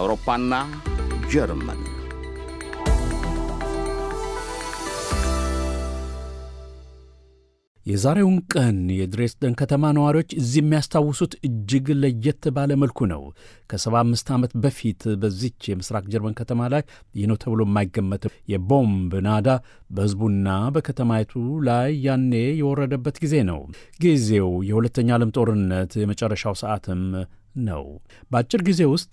አውሮፓና ጀርመን የዛሬውን ቀን የድሬስደን ከተማ ነዋሪዎች እዚህ የሚያስታውሱት እጅግ ለየት ባለ መልኩ ነው። ከሰባ አምስት ዓመት በፊት በዚች የምስራቅ ጀርመን ከተማ ላይ ይህ ነው ተብሎ የማይገመት የቦምብ ናዳ በሕዝቡና በከተማይቱ ላይ ያኔ የወረደበት ጊዜ ነው። ጊዜው የሁለተኛ ዓለም ጦርነት የመጨረሻው ሰዓትም ነው። በአጭር ጊዜ ውስጥ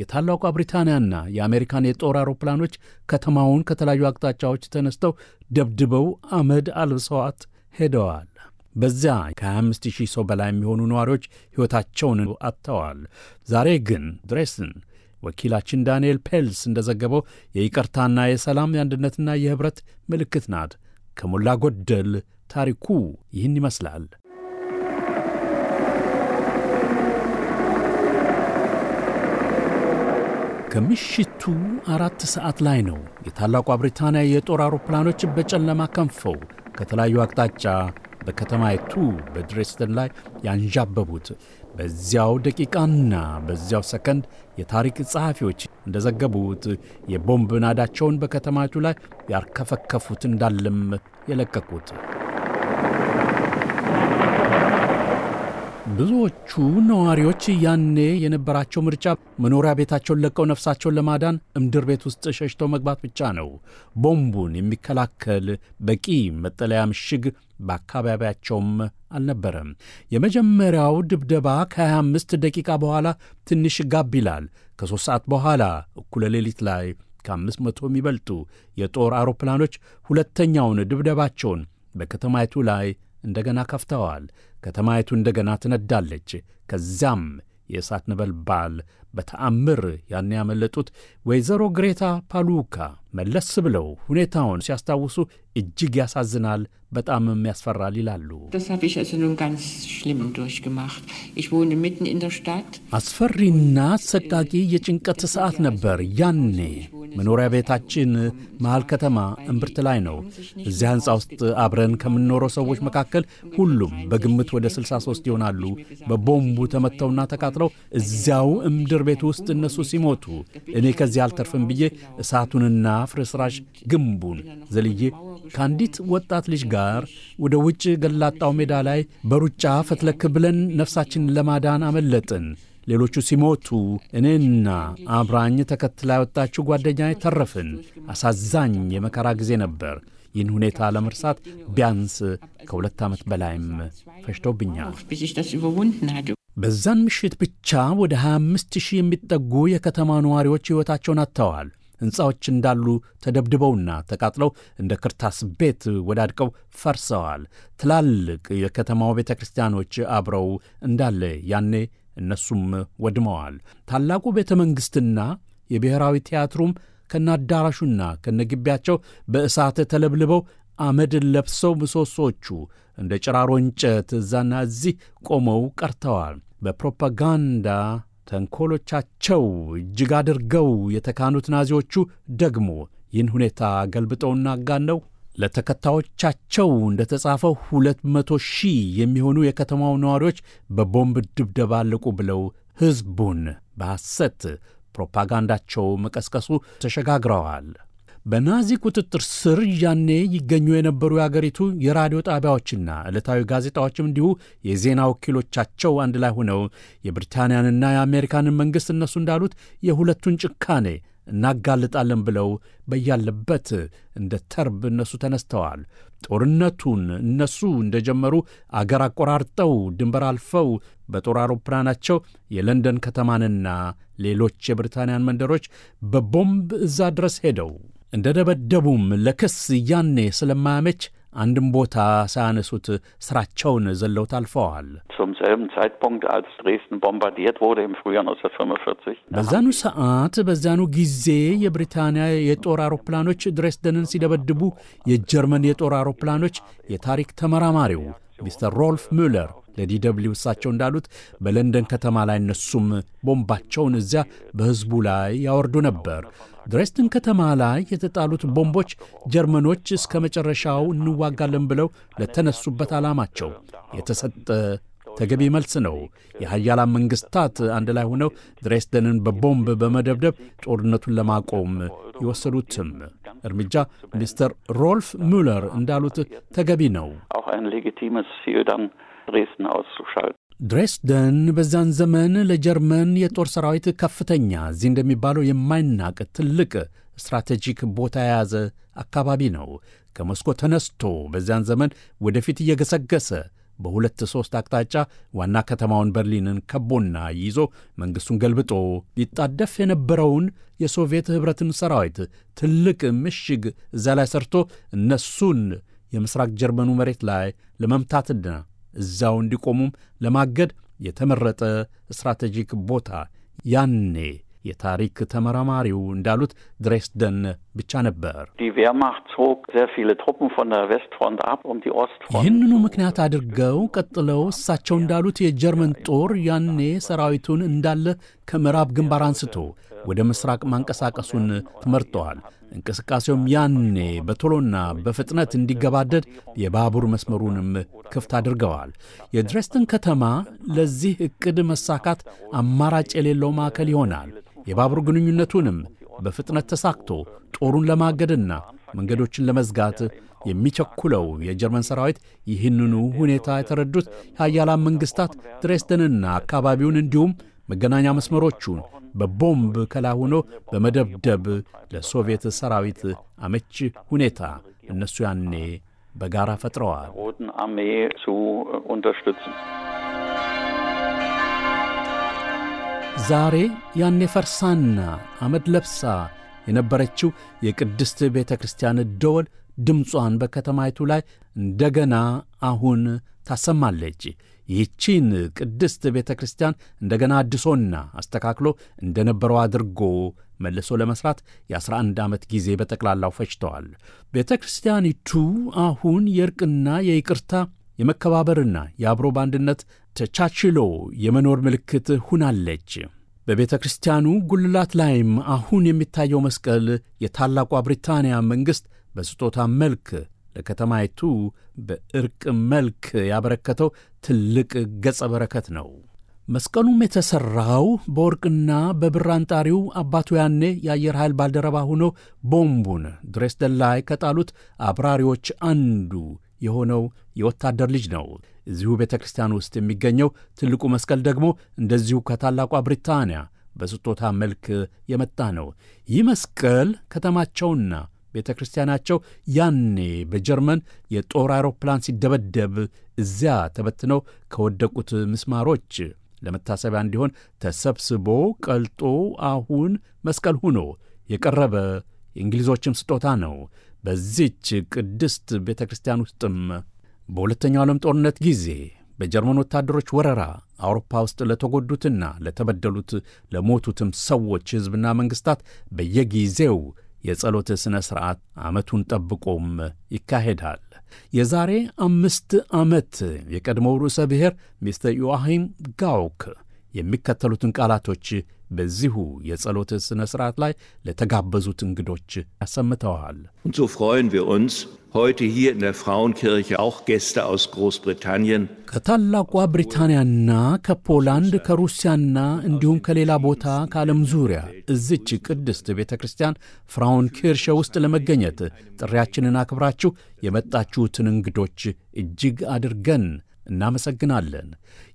የታላቋ ብሪታንያና የአሜሪካን የጦር አውሮፕላኖች ከተማውን ከተለያዩ አቅጣጫዎች ተነስተው ደብድበው አመድ አልብሰዋት ሄደዋል። በዚያ ከ25 ሺህ ሰው በላይ የሚሆኑ ነዋሪዎች ሕይወታቸውን አጥተዋል። ዛሬ ግን ድሬስን ወኪላችን ዳንኤል ፔልስ እንደዘገበው የይቅርታና የሰላም የአንድነትና የኅብረት ምልክት ናት። ከሞላ ጎደል ታሪኩ ይህን ይመስላል። ከምሽቱ አራት ሰዓት ላይ ነው የታላቋ ብሪታንያ የጦር አውሮፕላኖች በጨለማ ከንፈው ከተለያዩ አቅጣጫ በከተማይቱ በድሬስደን ላይ ያንዣበቡት። በዚያው ደቂቃና በዚያው ሰከንድ የታሪክ ጸሐፊዎች እንደዘገቡት የቦምብ ናዳቸውን በከተማይቱ ላይ ያርከፈከፉት እንዳለም የለቀቁት ብዙዎቹ ነዋሪዎች ያኔ የነበራቸው ምርጫ መኖሪያ ቤታቸውን ለቀው ነፍሳቸውን ለማዳን እምድር ቤት ውስጥ ሸሽተው መግባት ብቻ ነው። ቦምቡን የሚከላከል በቂ መጠለያ ምሽግ በአካባቢያቸውም አልነበረም። የመጀመሪያው ድብደባ ከ25 ደቂቃ በኋላ ትንሽ ጋብ ይላል። ከሦስት ሰዓት በኋላ እኩለ ሌሊት ላይ ከአምስት መቶ የሚበልጡ የጦር አውሮፕላኖች ሁለተኛውን ድብደባቸውን በከተማይቱ ላይ እንደገና ከፍተዋል። ከተማይቱ እንደገና ትነዳለች። ከዚያም የእሳት ነበልባል በተአምር ያን ያመለጡት ወይዘሮ ግሬታ ፓሉካ መለስ ብለው ሁኔታውን ሲያስታውሱ እጅግ ያሳዝናል፣ በጣምም ያስፈራል ይላሉ። አስፈሪና አሰቃቂ የጭንቀት ሰዓት ነበር ያኔ። መኖሪያ ቤታችን መሃል ከተማ እምብርት ላይ ነው። እዚያ ሕንፃ ውስጥ አብረን ከምንኖረው ሰዎች መካከል ሁሉም በግምት ወደ 63 ይሆናሉ በቦምቡ ተመተውና ተቃጥለው እዚያው እምድር ቤት ውስጥ እነሱ ሲሞቱ እኔ ከዚህ አልተርፍም ብዬ እሳቱንና ፍርስራሽ ግንቡን ዘልዬ ከአንዲት ወጣት ልጅ ጋር ወደ ውጭ ገላጣው ሜዳ ላይ በሩጫ ፈትለክ ብለን ነፍሳችንን ለማዳን አመለጥን። ሌሎቹ ሲሞቱ እኔና አብራኝ ተከትላ የወጣችው ጓደኛ ተረፍን። አሳዛኝ የመከራ ጊዜ ነበር። ይህን ሁኔታ ለመርሳት ቢያንስ ከሁለት ዓመት በላይም ፈጅቶብኛል። በዛን ምሽት ብቻ ወደ 25 ሺህ የሚጠጉ የከተማ ነዋሪዎች ሕይወታቸውን አጥተዋል። ሕንፃዎች እንዳሉ ተደብድበውና ተቃጥለው እንደ ክርታስ ቤት ወዳድቀው ፈርሰዋል። ትላልቅ የከተማው ቤተ ክርስቲያኖች አብረው እንዳለ ያኔ እነሱም ወድመዋል። ታላቁ ቤተ መንግሥትና የብሔራዊ ቲያትሩም ከነአዳራሹና ከነግቢያቸው በእሳት ተለብልበው አመድ ለብሰው ምሰሶቹ እንደ ጭራሮ እንጨት እዛና እዚህ ቆመው ቀርተዋል። በፕሮፓጋንዳ ተንኮሎቻቸው እጅግ አድርገው የተካኑት ናዚዎቹ ደግሞ ይህን ሁኔታ ገልብጠውና አጋነው ለተከታዮቻቸው እንደ ተጻፈው ሁለት መቶ ሺህ የሚሆኑ የከተማው ነዋሪዎች በቦምብ ድብደባ አለቁ ብለው ሕዝቡን በሐሰት ፕሮፓጋንዳቸው መቀስቀሱ ተሸጋግረዋል። በናዚ ቁጥጥር ስር ያኔ ይገኙ የነበሩ የአገሪቱ የራዲዮ ጣቢያዎችና ዕለታዊ ጋዜጣዎችም እንዲሁ የዜና ወኪሎቻቸው አንድ ላይ ሆነው የብሪታንያንና የአሜሪካንን መንግሥት እነሱ እንዳሉት የሁለቱን ጭካኔ እናጋልጣለን ብለው በያለበት እንደ ተርብ እነሱ ተነስተዋል። ጦርነቱን እነሱ እንደጀመሩ አገር አቆራርጠው ድንበር አልፈው በጦር አውሮፕላናቸው የለንደን ከተማንና ሌሎች የብሪታንያን መንደሮች በቦምብ እዛ ድረስ ሄደው እንደ ደበደቡም ለክስ ያኔ ስለማያመች አንድም ቦታ ሳያነሱት ስራቸውን ዘለው ታልፈዋል። በዛኑ ሰዓት በዛኑ ጊዜ የብሪታንያ የጦር አውሮፕላኖች ድሬስደንን ሲደበድቡ የጀርመን የጦር አውሮፕላኖች የታሪክ ተመራማሪው ሚስተር ሮልፍ ሙለር ለዲደብሊው እሳቸው እንዳሉት በለንደን ከተማ ላይ እነሱም ቦምባቸውን እዚያ በሕዝቡ ላይ ያወርዱ ነበር። ድሬስደን ከተማ ላይ የተጣሉት ቦምቦች ጀርመኖች እስከ መጨረሻው እንዋጋለን ብለው ለተነሱበት ዓላማቸው የተሰጠ ተገቢ መልስ ነው። የሀያላን መንግሥታት አንድ ላይ ሆነው ድሬስደንን በቦምብ በመደብደብ ጦርነቱን ለማቆም የወሰዱትም እርምጃ ሚስተር ሮልፍ ሙለር እንዳሉት ተገቢ ነው። ድሬስድን auszuschalten. ድሬስደን በዚያን ዘመን ለጀርመን የጦር ሰራዊት ከፍተኛ እዚህ እንደሚባለው የማይናቅ ትልቅ ስትራቴጂክ ቦታ የያዘ አካባቢ ነው። ከሞስኮ ተነስቶ በዚያን ዘመን ወደፊት እየገሰገሰ በሁለት ሦስት አቅጣጫ ዋና ከተማውን በርሊንን ከቦና ይዞ መንግሥቱን ገልብጦ ሊጣደፍ የነበረውን የሶቪየት ኅብረትን ሰራዊት ትልቅ ምሽግ እዚያ ላይ ሰርቶ እነሱን የምሥራቅ ጀርመኑ መሬት ላይ ለመምታትና እዛው እንዲቆሙም ለማገድ የተመረጠ ስትራቴጂክ ቦታ ያኔ የታሪክ ተመራማሪው እንዳሉት ድሬስደን ብቻ ነበር። ይህንኑ ምክንያት አድርገው ቀጥለው እሳቸው እንዳሉት የጀርመን ጦር ያኔ ሰራዊቱን እንዳለ ከምዕራብ ግንባር አንስቶ ወደ ምስራቅ ማንቀሳቀሱን ተመርጠዋል። እንቅስቃሴውም ያኔ በቶሎና በፍጥነት እንዲገባደድ የባቡር መስመሩንም ክፍት አድርገዋል። የድሬስትን ከተማ ለዚህ ዕቅድ መሳካት አማራጭ የሌለው ማዕከል ይሆናል። የባቡር ግንኙነቱንም በፍጥነት ተሳክቶ ጦሩን ለማገድና መንገዶችን ለመዝጋት የሚቸኩለው የጀርመን ሰራዊት ይህንኑ ሁኔታ የተረዱት የኃያላን መንግሥታት ድሬስደንና አካባቢውን እንዲሁም መገናኛ መስመሮቹን በቦምብ ከላይ ሆኖ በመደብደብ ለሶቪየት ሰራዊት አመች ሁኔታ እነሱ ያኔ በጋራ ፈጥረዋል። ዛሬ ያኔ ፈርሳና አመድ ለብሳ የነበረችው የቅድስት ቤተ ክርስቲያን ደወል ድምጿን በከተማይቱ ላይ እንደገና አሁን ታሰማለች። ይቺን ቅድስት ቤተ ክርስቲያን እንደገና አድሶና አስተካክሎ እንደነበረው አድርጎ መልሶ ለመሥራት የ11 ዓመት ጊዜ በጠቅላላው ፈጅተዋል። ቤተ ክርስቲያኒቱ አሁን የእርቅና የይቅርታ የመከባበርና የአብሮ ባንድነት ተቻችሎ የመኖር ምልክት ሁናለች። በቤተ ክርስቲያኑ ጉልላት ላይም አሁን የሚታየው መስቀል የታላቋ ብሪታንያ መንግሥት በስጦታ መልክ ለከተማይቱ በእርቅ መልክ ያበረከተው ትልቅ ገጸ በረከት ነው። መስቀሉም የተሠራው በወርቅና በብር አንጣሪው አባቱ ያኔ የአየር ኃይል ባልደረባ ሆኖ ቦምቡን ድሬስደን ላይ ከጣሉት አብራሪዎች አንዱ የሆነው የወታደር ልጅ ነው። እዚሁ ቤተ ክርስቲያን ውስጥ የሚገኘው ትልቁ መስቀል ደግሞ እንደዚሁ ከታላቋ ብሪታንያ በስጦታ መልክ የመጣ ነው። ይህ መስቀል ከተማቸውና ቤተ ክርስቲያናቸው ያኔ በጀርመን የጦር አውሮፕላን ሲደበደብ እዚያ ተበትነው ከወደቁት ምስማሮች ለመታሰቢያ እንዲሆን ተሰብስቦ ቀልጦ አሁን መስቀል ሁኖ የቀረበ የእንግሊዞችም ስጦታ ነው። በዚች ቅድስት ቤተ ክርስቲያን ውስጥም በሁለተኛው ዓለም ጦርነት ጊዜ በጀርመን ወታደሮች ወረራ አውሮፓ ውስጥ ለተጎዱትና ለተበደሉት ለሞቱትም ሰዎች ሕዝብና መንግሥታት በየጊዜው የጸሎት ሥነ ሥርዓት ዓመቱን ጠብቆም ይካሄዳል። የዛሬ አምስት ዓመት የቀድሞው ርዕሰ ብሔር ሚስተር ዮአሂም ጋውክ የሚከተሉትን ቃላቶች በዚሁ የጸሎት ሥነ ሥርዓት ላይ ለተጋበዙት እንግዶች አሰምተዋል። Und ፍሮን freuen ንስ uns, heute hier in der Frauenkirche auch አውስ aus ከታላቋ ብሪታንያና ከፖላንድ ከሩሲያና እንዲሁም ከሌላ ቦታ ከዓለም ዙሪያ እዚች ቅድስት ቤተ ክርስቲያን ፍራውን ኪርሸ ውስጥ ለመገኘት ጥሪያችንን አክብራችሁ የመጣችሁትን እንግዶች እጅግ አድርገን እናመሰግናለን።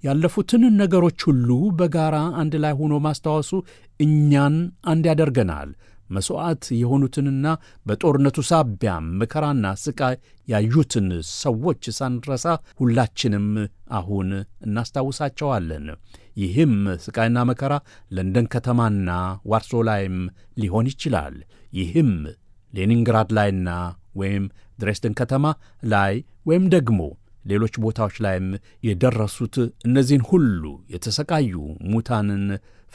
ያለፉትን ነገሮች ሁሉ በጋራ አንድ ላይ ሆኖ ማስታወሱ እኛን አንድ ያደርገናል። መሥዋዕት የሆኑትንና በጦርነቱ ሳቢያም መከራና ሥቃይ ያዩትን ሰዎች ሳንረሳ ሁላችንም አሁን እናስታውሳቸዋለን። ይህም ሥቃይና መከራ ለንደን ከተማና ዋርሶ ላይም ሊሆን ይችላል። ይህም ሌኒንግራድ ላይና ወይም ድሬስደን ከተማ ላይ ወይም ደግሞ ሌሎች ቦታዎች ላይም የደረሱት እነዚህን ሁሉ የተሰቃዩ ሙታንን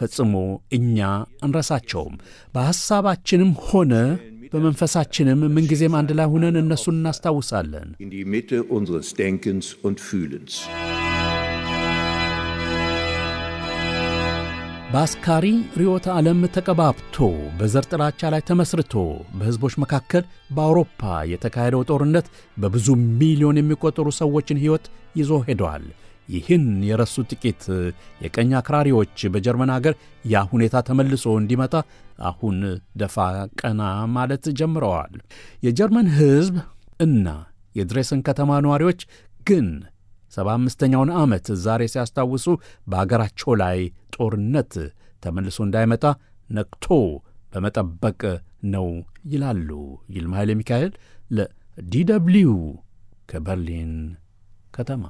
ፈጽሞ እኛ አንረሳቸውም። በሐሳባችንም ሆነ በመንፈሳችንም ምንጊዜም አንድ ላይ ሆነን እነሱን እናስታውሳለን። በአስካሪ ርዕዮተ ዓለም ተቀባብቶ በዘር ጥላቻ ላይ ተመስርቶ በሕዝቦች መካከል በአውሮፓ የተካሄደው ጦርነት በብዙ ሚሊዮን የሚቆጠሩ ሰዎችን ሕይወት ይዞ ሄደዋል። ይህን የረሱ ጥቂት የቀኝ አክራሪዎች በጀርመን አገር ያ ሁኔታ ተመልሶ እንዲመጣ አሁን ደፋ ቀና ማለት ጀምረዋል። የጀርመን ሕዝብ እና የድሬስን ከተማ ነዋሪዎች ግን ሰባ አምስተኛውን ዓመት ዛሬ ሲያስታውሱ በአገራቸው ላይ ጦርነት ተመልሶ እንዳይመጣ ነቅቶ በመጠበቅ ነው ይላሉ ይልማ ኃይለ ሚካኤል ለዲ ደብልዩ ከበርሊን ከተማ